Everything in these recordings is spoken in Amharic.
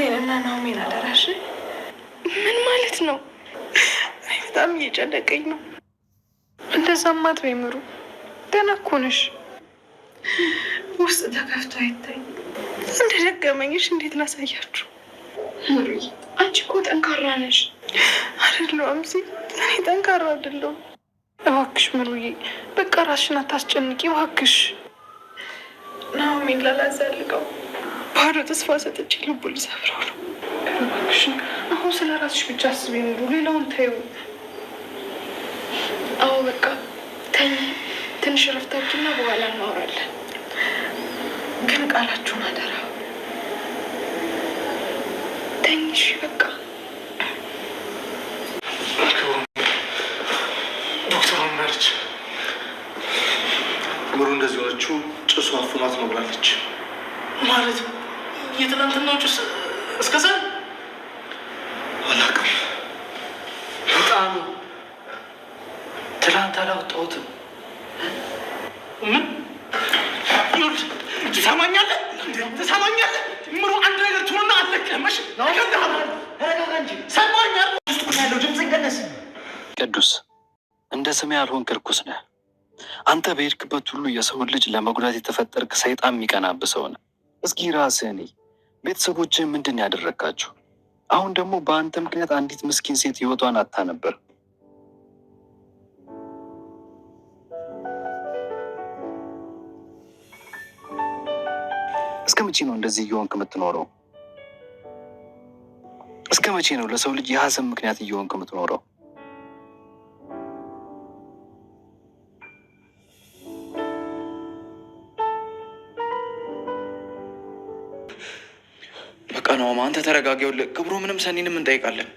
እህቴን እና ናሆሜን አደራሽ። ምን ማለት ነው? በጣም እየጨነቀኝ ነው። እንደዛማ አትበይ ምሩ፣ ደህና እኮ ነሽ። ውስጥ ተከፍቶ አይታይ እንደደገመኝሽ እንዴት ላሳያችሁ? ምሩ አንቺ እኮ ጠንካራ ነሽ። አይደለሁም ሲ እኔ ጠንካራ አይደለሁም። እባክሽ ምሩዬ፣ በቃ ራስሽን አታስጨንቂ እባክሽ። ናሆሜን ላላዛልቀው ባዶ ተስፋ ሰጥቼ ልቡል ልሰብረው ነው። አሁን ስለ ራስሽ ብቻ አስቢ፣ ሙሉ ሌላውን ተይው። አዎ በቃ ተይ። ትንሽ ረፍታችንና በኋላ እናወራለን። ግን ቃላችሁን አደራ። ተኝሽ በቃ መርች ምሩ እንደዚህ ሆነችው ጭሱ አፍኗት ነው ብላለች ማለት ነው። የትናንትናዎች እስከዛ አላውቅም። በጣም ትናንት አላወጣሁትም። ምን ትሰማኛለህ? ትሰማኛለህ? ምሩ አንድ ነገር ትሆና አለቅህም። ቅዱስ እንደ ስሜ ያልሆንክ ርኩስ ነህ። አንተ በሄድክበት ሁሉ የሰውን ልጅ ለመጉዳት የተፈጠርክ ሰይጣን የሚቀናብህ ሰው ነህ። እስኪ ራስህን ቤተሰቦችህ ምንድን ያደረግካቸው? አሁን ደግሞ በአንተ ምክንያት አንዲት ምስኪን ሴት ህይወቷን አታ ነበር። እስከ መቼ ነው እንደዚህ እየሆንክ የምትኖረው? እስከ መቼ ነው ለሰው ልጅ የሀዘን ምክንያት እየሆንክ የምትኖረው? አንተ ተረጋጋ። ይኸውልህ ክብሮ ምንም ሰኒንም እንጠይቃለን።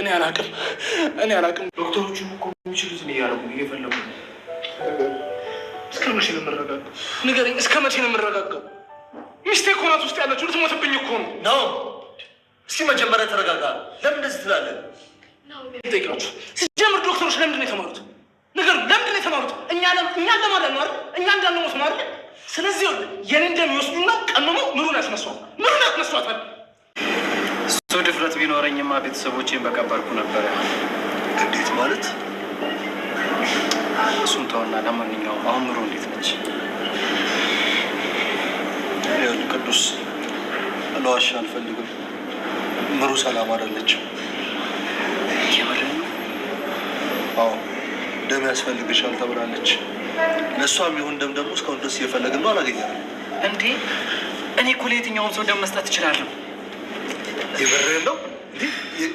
እኔ አላቅም፣ እኔ አላቅም። ዶክተሮቹ እኮ የሚችሉትን እያደረጉ እየፈለጉ እስከ መቼ ነው የምረጋጋው? ንገረኝ፣ እስከ መቼ ነው የምረጋጋው? ሚስቴ እኮ ናት ውስጥ ያለችው፣ ልትሞትብኝ እኮ ነው። ነው እስኪ መጀመሪያ ተረጋጋ። ለምን እንደዚህ ትላለህ? ጠይቃችሁ ሲጀምር ዶክተሮች ለምንድን ነው የተማሩት? ነገር ለምንድን ነው የተማሩት? እኛ እኛ ለማለት ነው አይደል? እኛ እንዳለሞት ነው አይደል? ስለዚህ የኔ እንደሚወስዱና ቀምሞ ምሩን ያስነሷል፣ ምሩን ያስነሷታል። ሰው ድፍረት ቢኖረኝማ ቤተሰቦቼን በቀበርኩ ነበረ። እንዴት ማለት? እሱን ተውና፣ ለማንኛውም አሁን ኑሮ እንዴት ነች? ያሉ ቅዱስ ለዋሻ አልፈልግም። ምሩ ሰላም አይደለችም። አዎ ደም ያስፈልግሻል ተብላለች። ለእሷም ይሁን ደም ደግሞ እስካሁን ድረስ እየፈለግን ነው፣ አላገኘንም። እንዴ እኔ እኮ ለየትኛውም ሰው ደም መስጠት እችላለሁ። የበረን ነው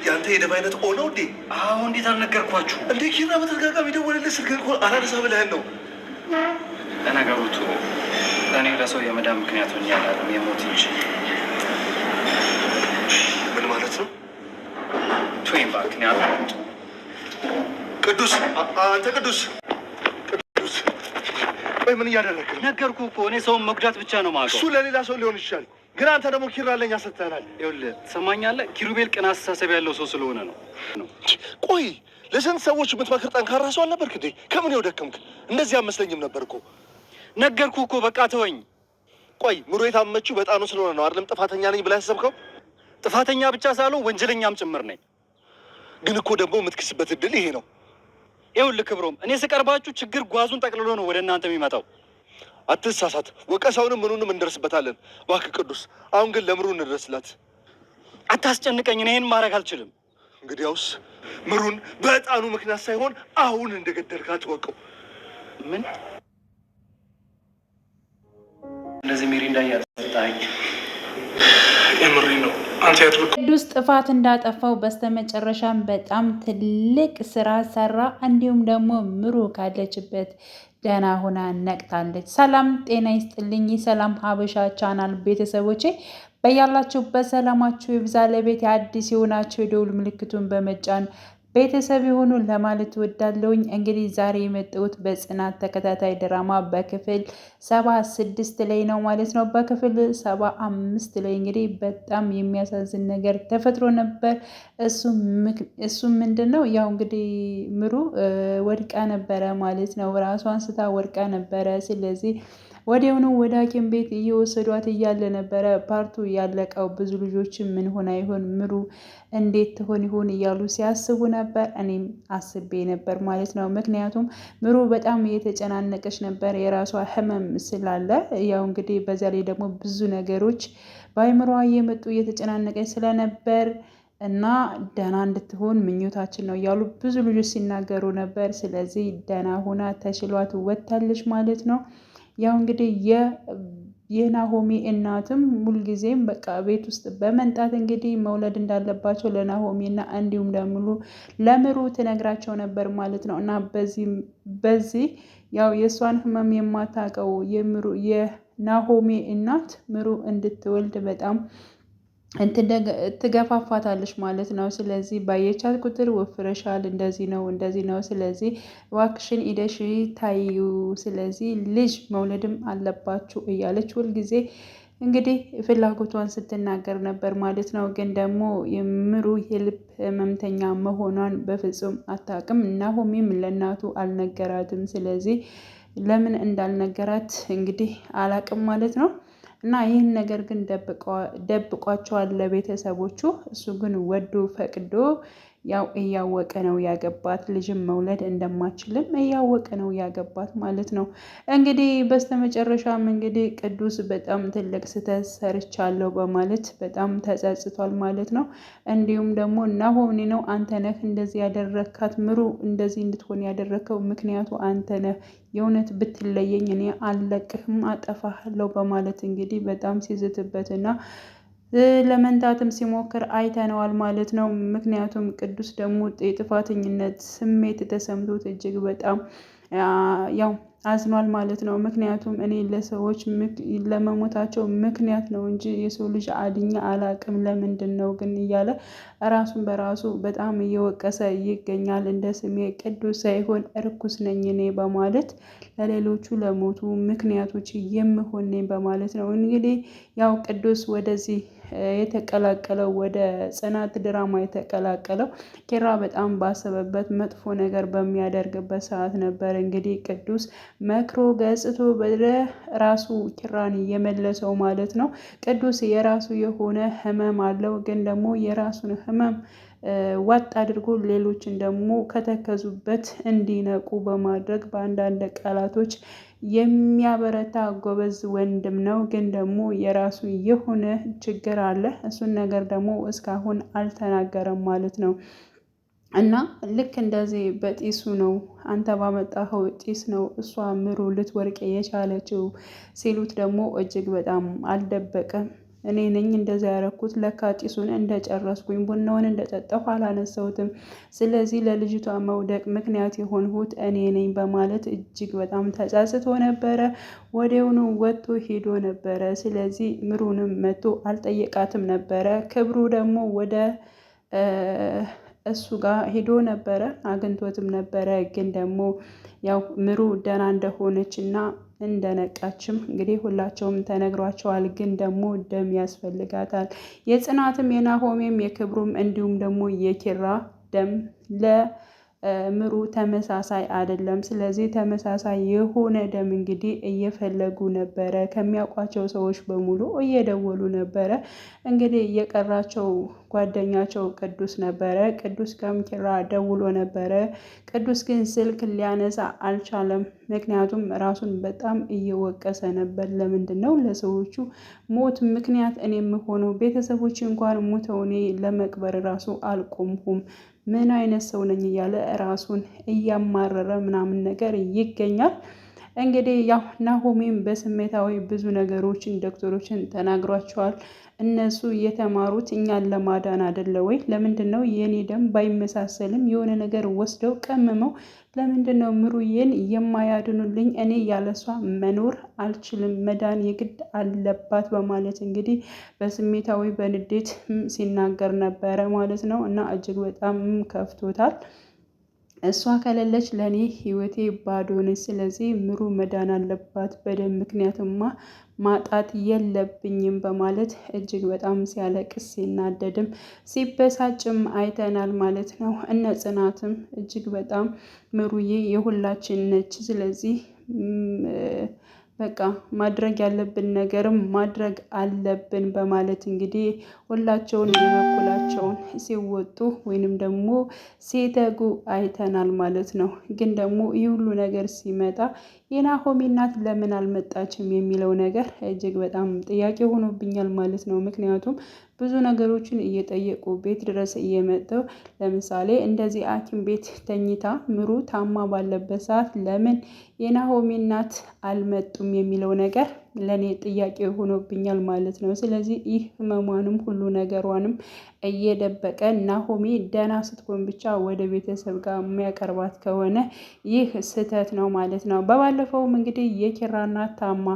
ያንተ የደም አይነት ሆኖ እንዴ? አዎ፣ እንዴት አልነገርኳችሁ እንዴ? ኪራ በተደጋጋሚ ደወለልህ፣ ስልክ አላነሳ ብለህን ነው። ለነገሩቱ እኔ ለሰው የመዳን ምክንያት ሆኜ የሞት እንጂ። ምን ማለት ነው? ቅዱስ፣ አንተ ቅዱስ ቅዱስ፣ ቆይ ምን እያደረግህ? ነገርኩህ እኮ እኔ ሰውን መጉዳት ብቻ ነው ማለት። እሱ ለሌላ ሰው ሊሆን ይችላል ግን አንተ ደግሞ ኪራ ለኛ ይኸውልህ ትሰማኛለህ፣ ኪሩቤል ቅን አስተሳሰብ ያለው ሰው ስለሆነ ነው። ቆይ ለስንት ሰዎች የምትመክር ጠንካራ ሰው አልነበርክ እንዴ? ከምን የወደከምክ? እንደዚህ አመስለኝም ነበር እኮ ነገርኩ እኮ በቃ ተወኝ። ቆይ ምሮ የታመችው በጣኑ ስለሆነ ነው አይደለም? ጥፋተኛ ነኝ ብላ ያሰብከው? ጥፋተኛ ብቻ ሳልሆን ወንጀለኛም ጭምር ነኝ። ግን እኮ ደግሞ የምትክስበት እድል ይሄ ነው። ይኸውልህ ክብሮም፣ እኔ ስቀርባችሁ ችግር ጓዙን ጠቅልሎ ነው ወደ እናንተ የሚመጣው። አትሳሳት። ወቀሳውንም ምኑንም እንደርስበታለን። እባክህ ቅዱስ፣ አሁን ግን ለምሩ እንድረስላት። አታስጨንቀኝ፣ እኔ ይህን ማድረግ አልችልም። እንግዲያውስ ምሩን በዕጣኑ ምክንያት ሳይሆን አሁን እንደገደልካት ወቀው። ምን እንደዚህ ሜሪ እንዳያጠጣኝ ቅዱስ ጥፋት እንዳጠፋው በስተመጨረሻም በጣም ትልቅ ስራ ሰራ። እንዲሁም ደግሞ ምሩ ካለችበት ደህና ሁና ነቅታለች። ሰላም ጤና ይስጥልኝ። ሰላም ሀበሻ ቻናል ቤተሰቦቼ በያላችሁበት ሰላማችሁ ይብዛ። ለቤት የአዲስ የሆናችሁ የደውል ምልክቱን በመጫን ቤተሰብ የሆኑ ለማለት ወዳለውኝ እንግዲህ ዛሬ የመጣሁት በጽናት ተከታታይ ድራማ በክፍል ሰባ ስድስት ላይ ነው ማለት ነው። በክፍል ሰባ አምስት ላይ እንግዲህ በጣም የሚያሳዝን ነገር ተፈጥሮ ነበር። እሱም ምንድን ነው ያው እንግዲህ ምሩ ወድቃ ነበረ ማለት ነው። ራሷን ስታ ወድቃ ነበረ። ስለዚህ ወዲያውኑ ወደ ሐኪም ቤት እየወሰዷት እያለ ነበረ ፓርቱ ያለቀው። ብዙ ልጆችም ምን ሆና ይሆን ምሩ እንዴት ትሆን ይሆን እያሉ ሲያስቡ ነበር። እኔም አስቤ ነበር ማለት ነው። ምክንያቱም ምሩ በጣም እየተጨናነቀች ነበር የራሷ ህመም ስላለ ያው እንግዲህ በዛ ላይ ደግሞ ብዙ ነገሮች በአይምሯ እየመጡ እየተጨናነቀች ስለነበር እና ደህና እንድትሆን ምኞታችን ነው እያሉ ብዙ ልጆች ሲናገሩ ነበር። ስለዚህ ደህና ሆና ተሽሏት ወጥታለች ማለት ነው። ያው እንግዲህ የናሆሚ እናትም ሁልጊዜም በቃ ቤት ውስጥ በመንጣት እንግዲህ መውለድ እንዳለባቸው ለናሆሚ እና እንዲሁም ለምሉ ለምሩ ትነግራቸው ነበር ማለት ነው እና በዚህ በዚህ ያው የእሷን ህመም የማታውቀው የምሩ የናሆሚ እናት ምሩ እንድትወልድ በጣም ትገፋፋታለች ማለት ነው። ስለዚህ ባየቻት ቁጥር ወፍረሻል፣ እንደዚህ ነው እንደዚህ ነው፣ ስለዚህ ዋክሽን ኢደሽ ታዩ፣ ስለዚህ ልጅ መውለድም አለባችሁ እያለች ሁልጊዜ እንግዲህ ፍላጎቷን ስትናገር ነበር ማለት ነው። ግን ደግሞ የምሩ የልብ ህመምተኛ መሆኗን በፍጹም አታውቅም። ናሆሚም ለእናቱ አልነገራትም። ስለዚህ ለምን እንዳልነገራት እንግዲህ አላውቅም ማለት ነው። እና ይህን ነገር ግን ደብቋቸዋል ለቤተሰቦቹ። እሱ ግን ወዶ ፈቅዶ ያው እያወቀ ነው ያገባት። ልጅም መውለድ እንደማችልም እያወቀ ነው ያገባት ማለት ነው። እንግዲህ በስተመጨረሻም እንግዲህ ቅዱስ በጣም ትልቅ ስህተት ሰርቻለሁ በማለት በጣም ተጸጽቷል ማለት ነው። እንዲሁም ደግሞ ናሆሜ ነው አንተ ነህ እንደዚህ ያደረካት ምሩ እንደዚህ እንድትሆን ያደረከው ምክንያቱ አንተ ነህ የእውነት ብትለየኝ እኔ አልለቅህም አጠፋለሁ በማለት እንግዲህ በጣም ሲዝትበትና ለመንታትም ሲሞክር አይተነዋል ማለት ነው። ምክንያቱም ቅዱስ ደግሞ የጥፋተኝነት ስሜት ተሰምቶት እጅግ በጣም ያው አዝኗል ማለት ነው። ምክንያቱም እኔ ለሰዎች ለመሞታቸው ምክንያት ነው እንጂ የሰው ልጅ አድኛ አላቅም ለምንድን ነው ግን እያለ ራሱን በራሱ በጣም እየወቀሰ ይገኛል። እንደ ስሜ ቅዱስ ሳይሆን እርኩስ ነኝ እኔ በማለት ለሌሎቹ ለሞቱ ምክንያቶች የምሆን ነኝ በማለት ነው እንግዲህ ያው ቅዱስ ወደዚህ የተቀላቀለው ወደ ጽናት ድራማ የተቀላቀለው ኪራ በጣም ባሰበበት መጥፎ ነገር በሚያደርግበት ሰዓት ነበር እንግዲህ ቅዱስ መክሮ ገጽቶ ወደ ራሱ ኪራን የመለሰው ማለት ነው። ቅዱስ የራሱ የሆነ ህመም አለው፣ ግን ደግሞ የራሱን ህመም ዋጥ አድርጎ ሌሎችን ደግሞ ከተከዙበት እንዲነቁ በማድረግ በአንዳንድ ቃላቶች የሚያበረታ ጎበዝ ወንድም ነው። ግን ደግሞ የራሱ የሆነ ችግር አለ። እሱን ነገር ደግሞ እስካሁን አልተናገረም ማለት ነው። እና ልክ እንደዚህ በጢሱ ነው አንተ ባመጣኸው ጢስ ነው እሷ ምሩ ልትወርቅ የቻለችው ሲሉት ደግሞ እጅግ በጣም አልደበቀም። እኔ ነኝ እንደዚያ ያረኩት ለካ ጢሱን እንደጨረስኩኝ ቡናውን እንደጠጣሁ አላነሳሁትም። ስለዚህ ለልጅቷ መውደቅ ምክንያት የሆንሁት እኔ ነኝ በማለት እጅግ በጣም ተጸጽቶ ነበረ። ወዲያውኑ ወጥቶ ሄዶ ነበረ። ስለዚህ ምሩንም መጥቶ አልጠየቃትም ነበረ። ክብሩ ደግሞ ወደ እሱ ጋር ሄዶ ነበረ አግኝቶትም ነበረ። ግን ደግሞ ያው ምሩ ደህና እንደሆነች እና እንደነቃችም እንግዲህ ሁላቸውም ተነግሯቸዋል። ግን ደግሞ ደም ያስፈልጋታል። የጽናትም የናሆሜም የክብሩም እንዲሁም ደግሞ የኪራ ደም ለ ምሩ ተመሳሳይ አይደለም። ስለዚህ ተመሳሳይ የሆነ ደም እንግዲህ እየፈለጉ ነበረ። ከሚያውቋቸው ሰዎች በሙሉ እየደወሉ ነበረ። እንግዲህ የቀራቸው ጓደኛቸው ቅዱስ ነበረ። ቅዱስ ከምኪራ ደውሎ ነበረ። ቅዱስ ግን ስልክ ሊያነሳ አልቻለም። ምክንያቱም ራሱን በጣም እየወቀሰ ነበር። ለምንድን ነው ለሰዎቹ ሞት ምክንያት እኔ የምሆነው? ቤተሰቦች እንኳን ሞተው እኔ ለመቅበር ራሱ አልቆምሁም። ምን አይነት ሰው ነኝ እያለ ራሱን እያማረረ ምናምን ነገር ይገኛል። እንግዲህ ያው ናሆሚም በስሜታዊ ብዙ ነገሮችን ዶክተሮችን ተናግሯቸዋል። እነሱ የተማሩት እኛን ለማዳን አደለ ወይ? ለምንድን ነው የእኔ ደም ባይመሳሰልም የሆነ ነገር ወስደው ቀምመው ለምንድን ነው ምሩዬን የማያድኑልኝ? እኔ ያለሷ መኖር አልችልም፣ መዳን የግድ አለባት በማለት እንግዲህ በስሜታዊ በንዴት ሲናገር ነበረ ማለት ነው እና እጅግ በጣም ከፍቶታል። እሷ ከሌለች ለእኔ ህይወቴ ባዶ ነች። ስለዚህ ምሩ መዳን አለባት በደም ምክንያትማ ማጣት የለብኝም በማለት እጅግ በጣም ሲያለቅስ ሲናደድም ሲበሳጭም አይተናል ማለት ነው። እነ ጽናትም እጅግ በጣም ምሩዬ የሁላችን ነች ስለዚህ በቃ ማድረግ ያለብን ነገርም ማድረግ አለብን በማለት እንግዲህ ሁላቸውን የበኩላቸውን ሲወጡ ወይንም ደግሞ ሲተጉ አይተናል ማለት ነው። ግን ደግሞ ይህ ሁሉ ነገር ሲመጣ የናሆሚ እናት ለምን አልመጣችም የሚለው ነገር እጅግ በጣም ጥያቄ ሆኖብኛል ማለት ነው። ምክንያቱም ብዙ ነገሮችን እየጠየቁ ቤት ድረስ እየመጠው ለምሳሌ እንደዚህ ሐኪም ቤት ተኝታ ምሩ ታማ ባለበት ሰዓት ለምን የናሆሚ እናት አልመጡም የሚለው ነገር ለእኔ ጥያቄ ሆኖብኛል ማለት ነው። ስለዚህ ይህ ህመሟንም ሁሉ ነገሯንም እየደበቀ ናሆሜ ደህና ስትሆን ብቻ ወደ ቤተሰብ ጋር የሚያቀርባት ከሆነ ይህ ስህተት ነው ማለት ነው። በባለፈውም እንግዲህ የኪራ ታማ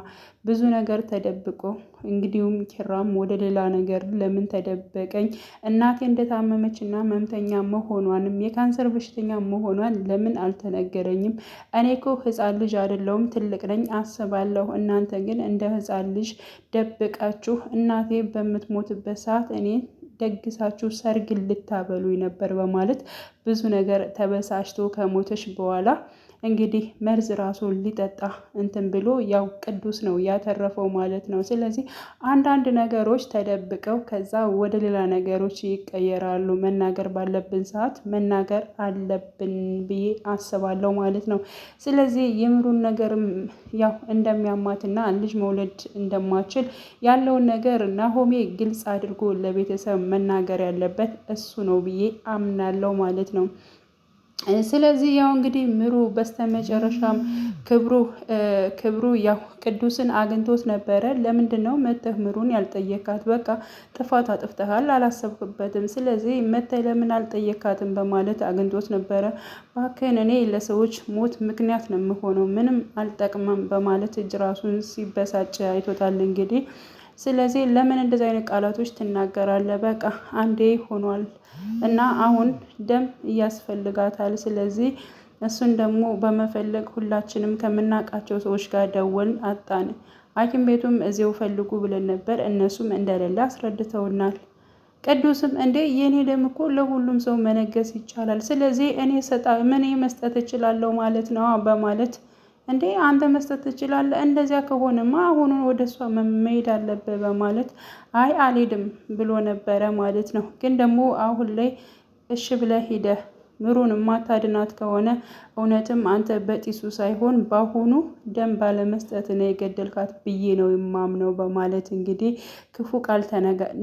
ብዙ ነገር ተደብቆ እንግዲሁም ኪራም ወደ ሌላ ነገር ለምን ተደበቀኝ እናቴ እንደታመመችና መምተኛ መሆኗንም የካንሰር በሽተኛ መሆኗን ለምን አልተነገረኝም? እኔ እኮ ህፃን ልጅ አይደለሁም ትልቅ ነኝ አስባለሁ። እናንተ ግን እንደ ህፃን ልጅ ደብቃችሁ እናቴ በምትሞትበት ሰዓት እኔ ደግሳችሁ ሰርግ ልታበሉኝ ነበር በማለት ብዙ ነገር ተበሳጭቶ ከሞተች በኋላ እንግዲህ መርዝ ራሱን ሊጠጣ እንትን ብሎ ያው ቅዱስ ነው ያተረፈው ማለት ነው። ስለዚህ አንዳንድ ነገሮች ተደብቀው ከዛ ወደ ሌላ ነገሮች ይቀየራሉ። መናገር ባለብን ሰዓት መናገር አለብን ብዬ አስባለሁ ማለት ነው። ስለዚህ የምሩን ነገርም ያው እንደሚያማትና ልጅ መውለድ እንደማችል ያለውን ነገር ናሆሜ ግልጽ አድርጎ ለቤተሰብ መናገር ያለበት እሱ ነው ብዬ አምናለሁ ማለት ነው። ስለዚህ ያው እንግዲህ ምሩ በስተመጨረሻም ክብሩ ክብሩ ያው ቅዱስን አግኝቶት ነበረ። ለምንድን ነው መተህ ምሩን ያልጠየካት? በቃ ጥፋት አጥፍተሃል፣ አላሰብክበትም። ስለዚህ መተህ ለምን አልጠየካትም? በማለት አግኝቶት ነበረ። እባክህን እኔ ለሰዎች ሞት ምክንያት ነው የምሆነው፣ ምንም አልጠቅመም በማለት እጅ ራሱን ሲበሳጭ አይቶታል እንግዲህ ስለዚህ ለምን እንደዚህ አይነት ቃላቶች ትናገራለህ? በቃ አንዴ ሆኗል እና አሁን ደም ያስፈልጋታል። ስለዚህ እሱን ደግሞ በመፈለግ ሁላችንም ከምናውቃቸው ሰዎች ጋር ደወልን፣ አጣን። ሐኪም ቤቱም እዚው ፈልጉ ብለን ነበር፣ እነሱም እንደሌለ አስረድተውናል። ቅዱስም እንዴ የእኔ ደም እኮ ለሁሉም ሰው መነገስ ይቻላል፣ ስለዚህ እኔ ሰጣ ምን መስጠት እችላለሁ ማለት ነው በማለት እንዴ አንተ መስጠት ትችላለህ? እንደዚያ ከሆነማ አሁኑን ወደ እሷ መሄድ አለብህ በማለት አይ አልሄድም ብሎ ነበረ ማለት ነው። ግን ደግሞ አሁን ላይ እሺ ብለህ ሂደህ ምሩን ማታድናት ከሆነ እውነትም አንተ በጢሱ ሳይሆን በአሁኑ ደም ባለመስጠት ነው የገደልካት ብዬ ነው የማምነው በማለት እንግዲህ ክፉ ቃል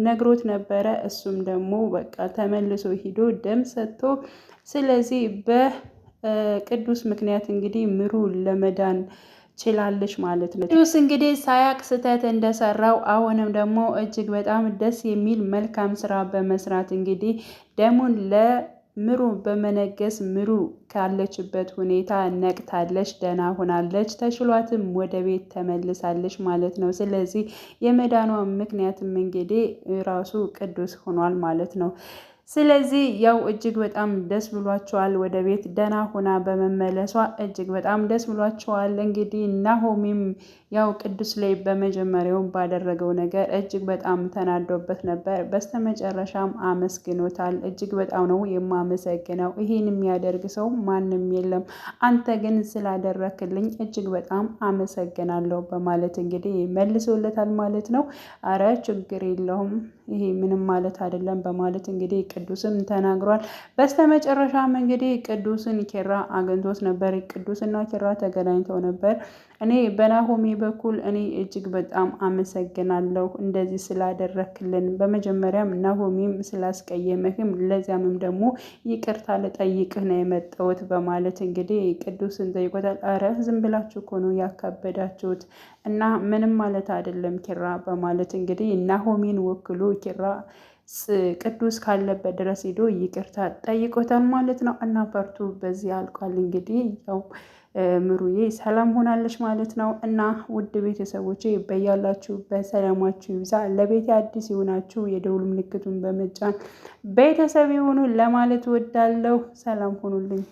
ነግሮት ነበረ። እሱም ደግሞ በቃ ተመልሶ ሂዶ ደም ሰጥቶ ስለዚህ በ ቅዱስ ምክንያት እንግዲህ ምሩ ለመዳን ችላለች ማለት ነው። ቅዱስ እንግዲህ ሳያቅ ስህተት እንደሰራው አሁንም ደግሞ እጅግ በጣም ደስ የሚል መልካም ስራ በመስራት እንግዲህ ደሙን ለምሩ በመነገስ ምሩ ካለችበት ሁኔታ ነቅታለች፣ ደህና ሆናለች፣ ተችሏትም ወደ ቤት ተመልሳለች ማለት ነው። ስለዚህ የመዳኗ ምክንያትም እንግዲህ ራሱ ቅዱስ ሆኗል ማለት ነው። ስለዚህ ያው እጅግ በጣም ደስ ብሏቸዋል። ወደ ቤት ደህና ሆና በመመለሷ እጅግ በጣም ደስ ብሏቸዋል። እንግዲህ ናሆሚም ያው ቅዱስ ላይ በመጀመሪያውም ባደረገው ነገር እጅግ በጣም ተናዶበት ነበር። በስተመጨረሻም አመስግኖታል። እጅግ በጣም ነው የማመሰግነው፣ ይህን የሚያደርግ ሰው ማንም የለም፣ አንተ ግን ስላደረክልኝ እጅግ በጣም አመሰግናለሁ በማለት እንግዲህ መልሶለታል ማለት ነው። አረ ችግር የለውም ይሄ ምንም ማለት አይደለም በማለት እንግዲህ ቅዱስም ተናግሯል። በስተመጨረሻም እንግዲህ ቅዱስን ኬራ አግኝቶት ነበር። ቅዱስና ኬራ ተገናኝተው ነበር። እኔ በናሆሜ በኩል እኔ እጅግ በጣም አመሰግናለሁ እንደዚህ ስላደረክልን። በመጀመሪያም ናሆሜም ስላስቀየመህም ለዚያምም ደግሞ ይቅርታ ልጠይቅህ ነው የመጣሁት በማለት እንግዲህ ቅዱስን ጠይቆታል። አረ ዝም ብላችሁ እኮ ነው ያካበዳችሁት እና ምንም ማለት አይደለም ኪራ በማለት እንግዲህ ናሆሜን ወክሎ ኪራ ቅዱስ ካለበት ድረስ ሄዶ ይቅርታ ጠይቆታል ማለት ነው። እና ፓርቱ በዚህ አልቋል እንግዲህ ያው ምሩዬ ሰላም ሆናለች ማለት ነው። እና ውድ ቤተሰቦቼ በያላችሁ በሰላማችሁ ይብዛ። ለቤት አዲስ የሆናችሁ የደውል ምልክቱን በመጫን ቤተሰብ የሆኑ ለማለት ወዳለው ሰላም ሆኑልኝ።